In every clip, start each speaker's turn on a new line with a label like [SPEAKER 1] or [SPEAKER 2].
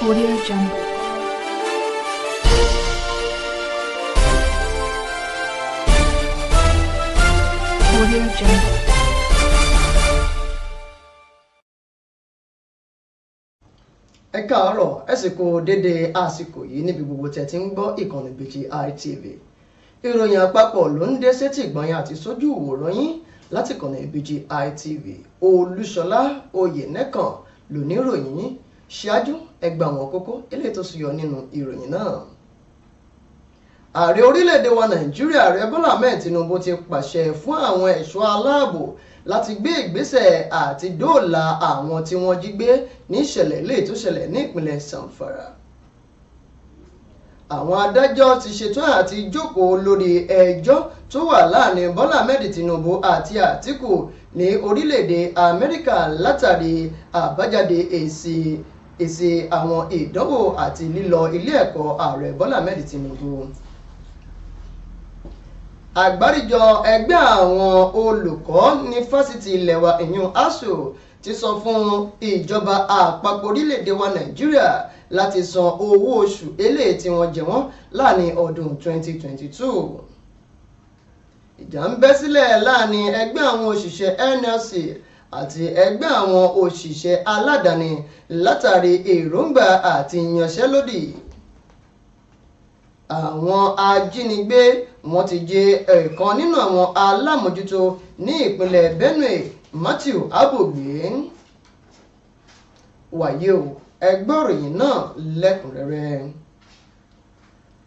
[SPEAKER 1] Audio Jungle. Audio Jungle. ẹ káàárọ̀ ẹ sì kú dédé àsìkò yìí níbi gbogbo tẹ̀ tí ń gbọ́ ìkànnì BGI TV ìròyìn àpapọ̀ ló ń dé sétí ìgbọ̀nyìn àti sójú ìwòran yín láti kànnì BGI TV Olúṣọlá Oyènẹ́kàn lóníròyìn ṣáájú ẹgbà wọn kókó eléyìí tó sùyọ nínú ìròyìn náà ààrẹ orílẹ̀-èdè wa nàìjíríà ààrẹ bọ́lá ahmed tinubu ti pàṣẹ fún àwọn ẹ̀ṣọ́ aláàbò láti gbé ìgbésẹ̀ àti dóòlà àwọn tí wọ́n jí gbé ní ìṣẹ̀lẹ̀ eléyìí tó ṣẹlẹ̀ ní ìpínlẹ̀ samfara àwọn adájọ́ ti ṣetán àti jókòó lórí ẹjọ́ tó wà láàrin bọ́lá ahmed tinubu àti àtìkù ní orílẹ̀-èdè amẹ́ríkà látàrí àbájáde èsì e èsì àwọn ìdánwò àti lílọ ilé ẹ̀kọ́ ààrẹ Bọ́lá Ahmed Tinubu àgbáríjọ ẹgbẹ́ àwọn olùkọ́ ní fásitì ilẹ̀ wa ìyún ASUU ti sọ fún ìjọba àpapọ̀ orílẹ̀-èdè wa Nàìjíríà láti san owó oṣù eléyìí tí wọ́n jẹ wọ́n láàrin ọdún 2022 ìjà ń bẹ́ sílẹ̀ láàrin ẹgbẹ́ àwọn òṣìṣẹ́ NLC àti ẹgbẹ́ àwọn òṣìṣẹ́ aládàáni látàrí èròǹgbà àti yanṣẹ́lódì àwọn ajínigbé wọ́n ti jẹ ẹ̀kan nínú àwọn alámòjútó ní ìpínlẹ̀ Benue Matthew Abogbe wàyí o ẹ gbọ́ ìròyìn náà lẹ́kùnrẹ́rẹ́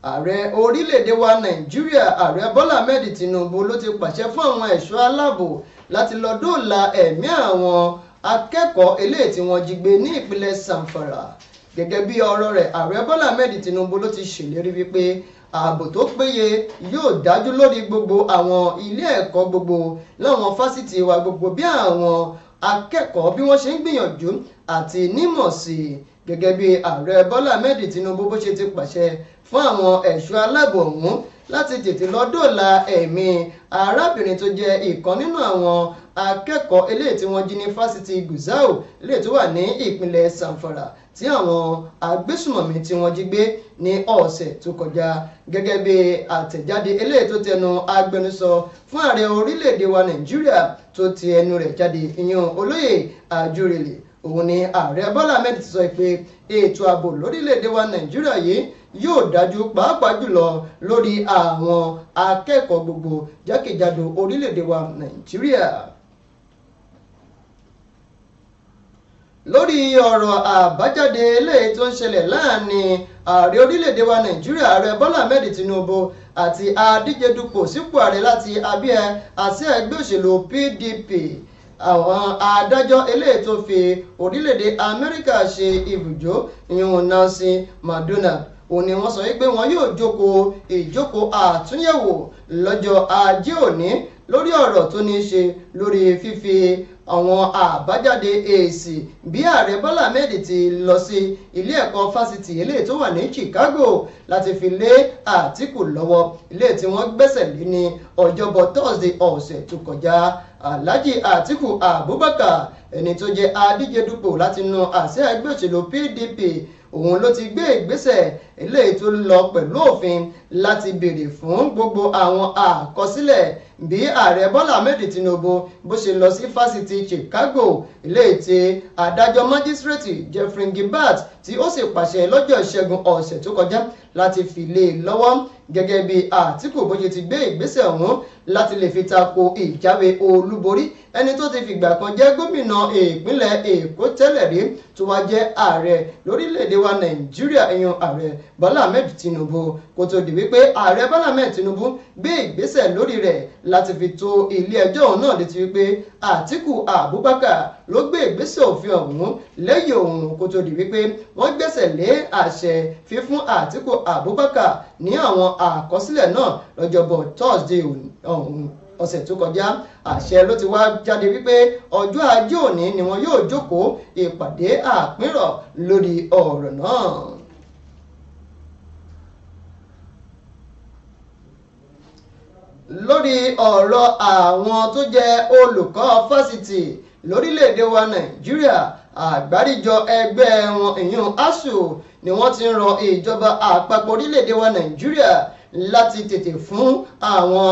[SPEAKER 1] ààrẹ orílẹ̀-èdè wa Nàìjíríà ààrẹ Bọ́lá Ahmed Tinubu ló ti pàṣẹ fún àwọn ẹ̀ṣọ́ aláàbò láti lọ dóòlà ẹ̀mí àwọn akẹ́kọ̀ọ́ eléyìí tí wọ́n jí gbé ní ìpínlẹ̀ Zamfara gẹ́gẹ́ bí ọ̀rọ̀ rẹ̀ ààrẹ Bọ́lá Ahmed Tinubu ló ti ṣèlérí wípé ààbò tó péye yóò dájú lórí gbogbo àwọn ilé ẹ̀kọ́ gbogbo láwọn fásitì wa gbogbo bí àwọn akẹ́kọ̀ọ́ bí wọ́n ṣe ń gbìyànjú àti nímọ̀ sí i gẹ́gẹ́ bí ààrẹ Bọ́lá Ahmed Tinubu bó ṣe ti pàṣẹ fún àwọn ẹ̀ṣọ́ aláàbò ọ̀hún láti tètè lọ dóòlà ẹ̀mí arábìnrin tó jẹ́ ìkan nínú àwọn akẹ́kọ̀ọ́ eléyìí tí wọ́n jí ní fásitì Gusau eléyìí tó wà ní ìpínlẹ̀ Zamfara tí àwọn agbésùmọ̀mí tí wọ́n jí gbé ní ọ̀sẹ̀ tó kọjá gẹ́gẹ́ bí àtẹ̀jáde eléyìí tó tẹnu agbẹnusọ fún ààrẹ orílẹ̀-èdè wa Nàìjíríà tó ti ẹnu rẹ̀ jáde ìyẹn olóyè Àjùrẹ̀lẹ̀ òun ni ààrẹ Bọ́lá Ahmed ti sọ pé ètò ààbò lórílẹ̀-èdè wa Nàìjíríà yìí yóò dájú pàápàá jùlọ lórí àwọn akẹ́kọ̀ọ́ gbogbo jákèjádò orílẹ̀-èdè wa nàìjíríà. lórí ọ̀rọ̀ àbájáde eléyìí tó ń ṣẹlẹ̀ láàrin ààrẹ orílẹ̀-èdè wa nàìjíríà ààrẹ bọ́lá ahmed tinubu àti adíje dupò sípò ààrẹ láti abíyẹ àsíá ẹgbẹ́ òṣèlú pdp àwọn adájọ́ eléyìí tó fi orílẹ̀-èdè amẹ́ríkà ṣe ibùjó ìhùn nancy madonna òun ni wọ́n sọ wípé wọn yóò jókòó ìjókòó àtúnyẹ̀wò lọ́jọ́ ajé òní lórí ọ̀rọ̀ tó ní í ṣe lórí fífi àwọn àbájáde èsì bí ààrẹ bọ́lá ahmed ti lọ sí ilé ẹ̀kọ́ fásitì eléyìí tó wà ní chicago láti fi lé àtìkù lọ́wọ́ ilé tí wọ́n gbẹ́sẹ̀ lé ní ọjọ́bọ̀ thursday ọ̀sẹ̀ tó kọjá alhaji àtìkù abubakar ẹni tó jẹ́ adíje dupò látinú àsíá ẹgbẹ́ òṣèlú pdp òun ló ti gbé ìgbésẹ̀ eléyìí tó lọ pẹ̀lú òfin láti béèrè fún gbogbo àwọn àkọsílẹ̀ bí ààrẹ bọ́lá ahmed tinubu bó ṣe lọ sí fásitì chicago eléyìí tí adájọ́ májísírèètì jeffrey gilbert tí ó sì pàṣẹ lọ́jọ́ ìṣẹ́gun ọ̀sẹ̀ tó kọjá láti fi lé e lọ́wọ́ gẹ́gẹ́ bí àtìkù bó ṣe ti gbé ìgbésẹ̀ ọ̀hún láti lè fi tako ìjáwé olúborí ẹni tó ti fìgbà kan jẹ́ gómìnà ìpínlẹ̀ èkó tẹ́lẹ̀ rí tó wá jẹ́ ààrẹ lórílẹ̀‐èdè wa nàìjíríà ìyàn ààrẹ bọ́lá ahmed tinubu kó tó di wípé ààrẹ bọ́lá ahmed tinubu gbé ìgbésẹ̀ lórí rẹ̀ láti fi tó ilé ẹjọ́ náà létí wípé àtíkù abubakar ló gbé ìgbésẹ̀ òfin ọ̀hún lẹ́yìn òun kó tó di wípé wọ́n gbẹ́sẹ̀ lé àṣẹ fífún àtíkù abubakar ní àwọn àkọsílẹ̀ náà lọ́jọ́bọ̀ thursday ọ̀hún ọ̀sẹ̀ tó kọjá àṣẹ ló ti wá jáde wípé ọjọ́ ajé òní ni wọn yóò jókòó ìpàdé àpérò lórí ọ̀rọ̀ náà. lórí ọ̀rọ̀ àwọn tó jẹ́ olùkọ́ fásitì lórílẹ̀‐èdè wa nàìjíríà àgbáríjọ ẹgbẹ́ wọn ìyún asuu ni wọ́n ti ń rọ ìjọba àpapọ̀ orílẹ̀‐èdè wa nàìjíríà láti tètè fún àwọn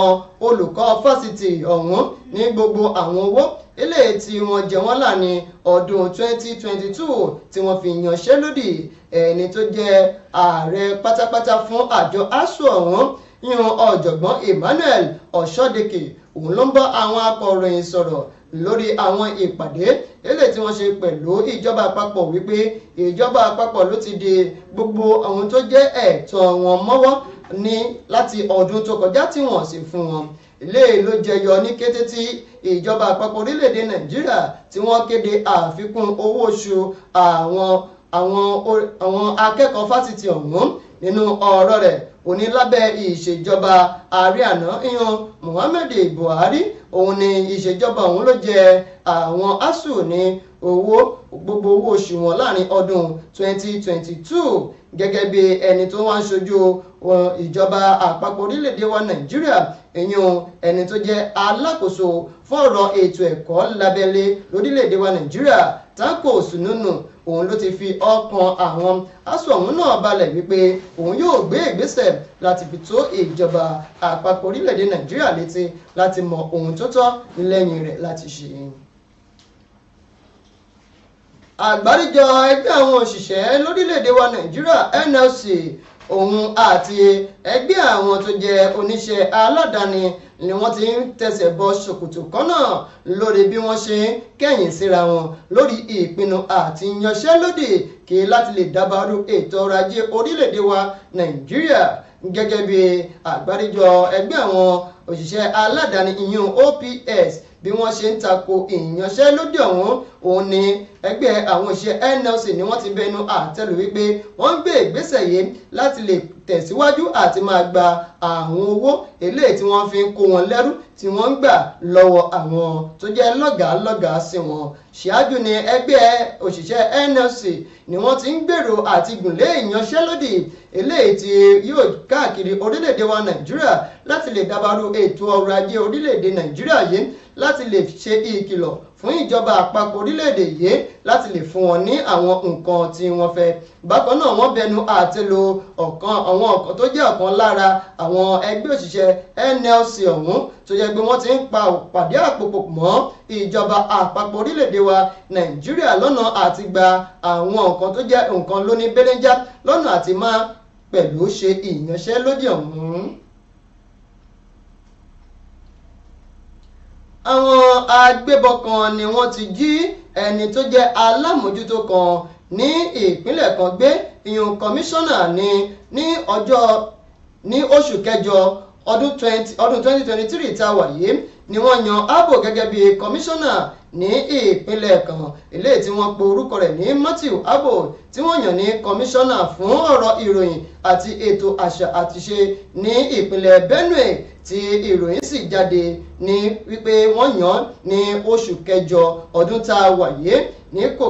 [SPEAKER 1] olùkọ́ fásitì ọ̀hún ní gbogbo àwọn owó eléyìí tí wọ́n jẹ wọ́n là ọdún 2022 tí wọ́n fi yànṣẹ́lódì ẹni tó jẹ́ ààrẹ pátápátá fún àjọ asuu ọ̀hún yan ọ̀jọ̀gbọ́n Emmanuel Ọ̀ṣọ́dẹ̀kẹ̀ òun ló ń bá àwọn akọ̀ròyìn sọ̀rọ̀ lórí àwọn ìpàdé eléyìí tí wọ́n ṣe pẹ̀lú ìjọba àpapọ̀ wípé ìjọba àpapọ̀ ló ti di gbogbo àwọn tó jẹ́ ẹ̀tọ́ wọn mọ́wọ́ ní láti ọdún tó kọjá tí wọ́n sì fún wọn eléyìí ló jẹyọ ní kété tí ìjọba àpapọ̀ orílẹ̀-èdè nàìjíríà tí wọ́n kéde àfikún owó oṣù àwọn àwọn àwọn akẹ́kọ̀ọ́ fásitì ọ̀hún nínú ọ̀rọ̀ rẹ̀ òní lábẹ́ ìṣèjọba ààrẹ àná ìyan Muhammed Buhari òun ni ìṣèjọba òun ló jẹ àwọn asuu ní owó gbogbo owó oṣù wọn láàrin ọdún 2022 gẹ́gẹ́ bí ẹni tó wá ń ṣojú uh, ìjọba àpapọ̀ orílẹ̀-èdè wa nàìjíríà ìyún ẹni tó jẹ́ alákòóso fún ọ̀rọ̀ ètò ẹ̀kọ́ lábẹ́lé lórílẹ̀-èdè wa nàìjíríà Tanko Sununu òun ló ti fi ọkàn àwọn asuu ọ̀hún náà balẹ̀ wípé òun yóò gbé ìgbésẹ̀ láti fi tó ìjọba àpapọ̀ orílẹ̀-èdè nàìjíríà létí láti mọ ohun tó tọ́ lẹ́yìn rẹ̀ láti ṣe àgbáríjọ ẹgbẹ́ àwọn òṣìṣẹ́ lórílẹ̀‐èdè wa nàìjíríà NLC òun àti ẹgbẹ́ àwọn tó jẹ́ oníṣẹ́ aládàáni ni wọ́n ti ń tẹsẹ̀ bọ ṣòkòtò kan náà lórí bí wọ́n ṣe ń kẹ̀yìn síra wọn lórí ìpinnu àti yanṣẹ́lódì kí láti lè dábàárù ètò ọrọ̀ ajé orílẹ̀-èdè wa nàìjíríà gẹ́gẹ́ bí àgbáríjọ ẹgbẹ́ àwọn òṣìṣẹ́ aládàáni ìyún OPS bí wọ́n ṣe ń tako ìyanṣẹ́lódì ọ̀hún òun ni ẹgbẹ́ àwọn òṣìṣẹ́ NLC ni wọ́n ti bẹnu àtẹ́lù wípé wọ́n ń gbé ìgbésẹ̀ yìí láti lè tẹ̀síwájú àti máa gba àwọn owó eléyìí tí wọ́n fi ń kó wọn lẹ́rú tí wọ́n ń gbà lọ́wọ́ àwọn tó jẹ́ lọ́gàálọ́gàá sí wọn ṣáájú ni ẹgbẹ́ òṣìṣẹ́ NLC ni wọ́n ti ń gbèrò àti gùnlé ìyanṣẹ́lódì eléyìí tí yóò káàkiri orílẹ̀-èdè wa Nàìjíríà láti lè dàbàrú ètò ọrọ̀ ajé orílẹ̀-èdè Nàìjíríà yìí láti lè ṣe ìkìlọ̀ fún ìjọba àpapọ̀ orílẹ̀-èdè yìí láti lè fún wọn ní àwọn nǹkan tí wọ́n fẹ́ bákan náà wọ́n bẹnu àtẹ́lù ọ̀kan àwọn ọ̀kan tó jẹ́ ọ̀kan lára àwọn ẹgbẹ́ òṣìṣẹ́ NLC ọ̀hún tó yẹ pé wọ́n ti ń pa òpàdé àpòpọ̀ mọ́ ìjọba àpapọ̀ orílẹ̀-èdè wa Nàìjíríà lọ́nà àti gba àwọn nǹkan tó jẹ́ nǹkan lóní bẹ́lẹ́jà lọ́nà àti máa pẹ̀lú ṣe ìyanṣẹ́lódì ọ̀hún. àwọn agbébọn kan ni wọ́n ti jí ẹni tó jẹ́ alámòjútó kan ní ìpínlẹ̀ kan gbé ìyún kọmíṣánná ní ní ọjọ́ ní oṣù kẹjọ ọdún twenty ọdún twenty twenty three tá a wà yìí ni wọ́n yan abo gẹ́gẹ́ bí kọmíṣánná ní ìpínlẹ̀ kan ilé tí wọ́n pe orúkọ rẹ̀ ní Matthew abo tí wọ́n yàn ní kọmíṣánná fún ọ̀rọ̀ ìròyìn àti ètò àṣà àtiṣe ní ìpínlẹ̀ Benue tí ìròyìn sì jáde ní wípé wọ́n yàn án ní oṣù kẹjọ ọdún tá a wà yìí ní kò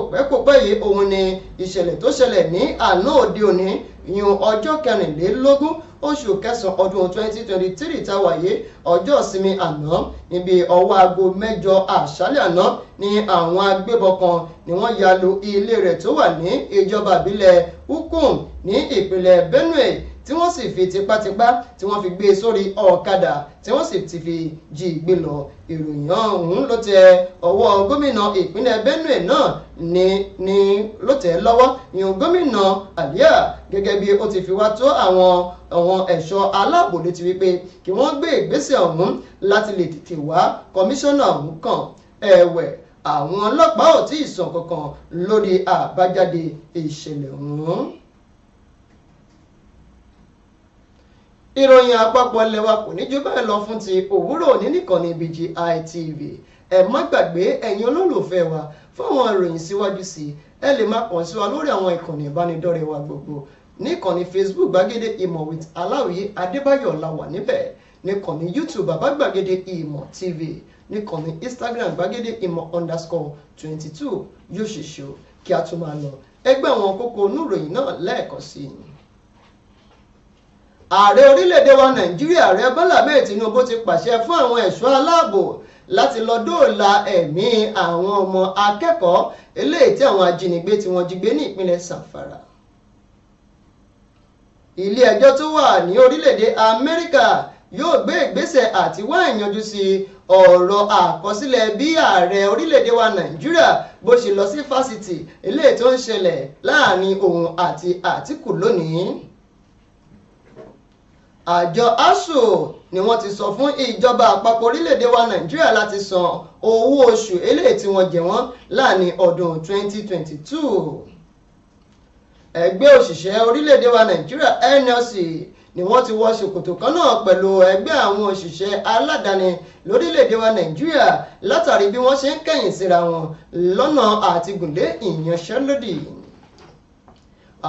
[SPEAKER 1] yìí òun ni ìṣẹ̀lẹ̀ tó ṣẹlẹ̀ ní àná òde òní yun ọjọ́ kẹrìnlélógún oṣù kẹsàn-án ọdún 2023 tá a wà yìí ọjọ́ ìsinmi àná níbi ọwọ́ aago mẹ́jọ àṣálẹ̀ àná ni àwọn agbébọn kan ni wọ́n ya lu ilé rẹ̀ tó wà ní ìjọba ìbílẹ̀ Ukum ní ìpínlẹ̀ Benue tí wọ́n sì fi tipátipá tí wọ́n fi gbé e sórí ọ̀kadà tí wọ́n sì ti fi jí gbé lọ ìròyìn ọ̀hún ló tẹ ọwọ́ gómìnà ìpínlẹ̀ Benue náà ni ni ló tẹ̀ lọ́wọ́ ìyún gómìnà Alia gẹ́gẹ́ bí ó ti fi wá tó àwọn àwọn ẹ̀ṣọ́ aláàbò létí wípé kí wọ́n gbé ìgbésẹ̀ ọ̀hún láti lè tètè wá kọmíṣánná ọ̀hún kàn ẹ̀wẹ̀ àwọn ọlọ́pàá ò tí ì sọ kankan lórí àbájáde ìṣẹ̀lẹ̀ ọ̀hún. ìròyìn àpapọ̀ lẹ́wà kò ní jù bẹ́ẹ̀ lọ fún ti òwúrọ̀ òní nìkan ní BGI TV ẹ má gbàgbé ẹ̀yin olólùfẹ́ wa fáwọn ìròyìn síwájú sí ẹ lè má kàn sí wa lórí àwọn ìkànnì ìbánidọ́rẹ̀ẹ́ wa gbogbo níkànnì Facebook gbàgede ìmọ̀ with aláwìyé adébáyọ̀ la wà níbẹ̀ níkànnì YouTube bàbá gbàgede ìmọ̀ TV níkànnì Instagram gbàgede ìmọ̀ underscore twenty two yóò ṣèṣe kí a tún máa lọ ẹgbẹ́ àwọn kókó onúròyìn náà ààrẹ orílẹ̀-èdè wa nàìjíríà ààrẹ bọ́lá bẹ́ẹ̀ tinubu ti pàṣẹ fún àwọn ẹ̀ṣọ́ aláàbò láti lọ dóòlà ẹ̀mí àwọn ọmọ akẹ́kọ̀ọ́ eléyìí tí àwọn ajínigbé tí wọ́n jí gbé ní ìpínlẹ̀ sàfàrà ilé ẹjọ́ tó wà ní orílẹ̀-èdè amẹ́ríkà yóò gbé ìgbésẹ̀ àti wá ìyanjú sí ọ̀rọ̀ àkọsílẹ̀ bí ààrẹ orílẹ̀-èdè wa nàìjíríà bó ṣe lọ sí fásitì eléyìí tó ń ṣẹlẹ̀ láàrin òun àti àtìkù lónìí àjọ Asu ni wọ́n ti sọ fún ìjọba àpapọ̀ orílẹ̀-èdè wa nàìjíríà láti san owó oṣù eléyìí tí wọ́n jẹ wọ́n láàrin ọdún 2022 ẹgbẹ́ òṣìṣẹ́ orílẹ̀-èdè wa nàìjíríà nlc ni wọ́n ti wọ ṣòkòtò kan náà pẹ̀lú ẹgbẹ́ àwọn òṣìṣẹ́ aládàáni lórílẹ̀‐èdè wa nàìjíríà látàrí bí wọ́n ṣe ń kẹ̀yìn síra wọn lọ́nà àtìgúnlé ìyanṣẹ́lódì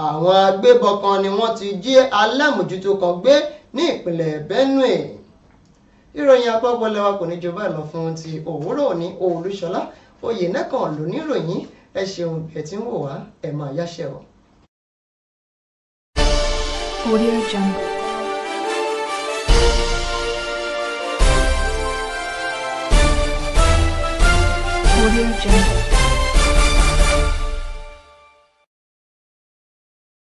[SPEAKER 1] àwọn agbébọn kan ni wọ́n ti jí alámòjútó kan gbé ní ìpínlẹ̀ Benue ìròyìn àpapọ̀lẹ̀ wa kò ní jù báyìí lọ fún ti òwúrọ̀ òní Olúṣọlá Oyènẹ́kàn lóníròyìn ẹ ṣeun ẹ tí ń wò wá ẹ máa yáṣẹ o. Audio Jungle. Audio Jungle.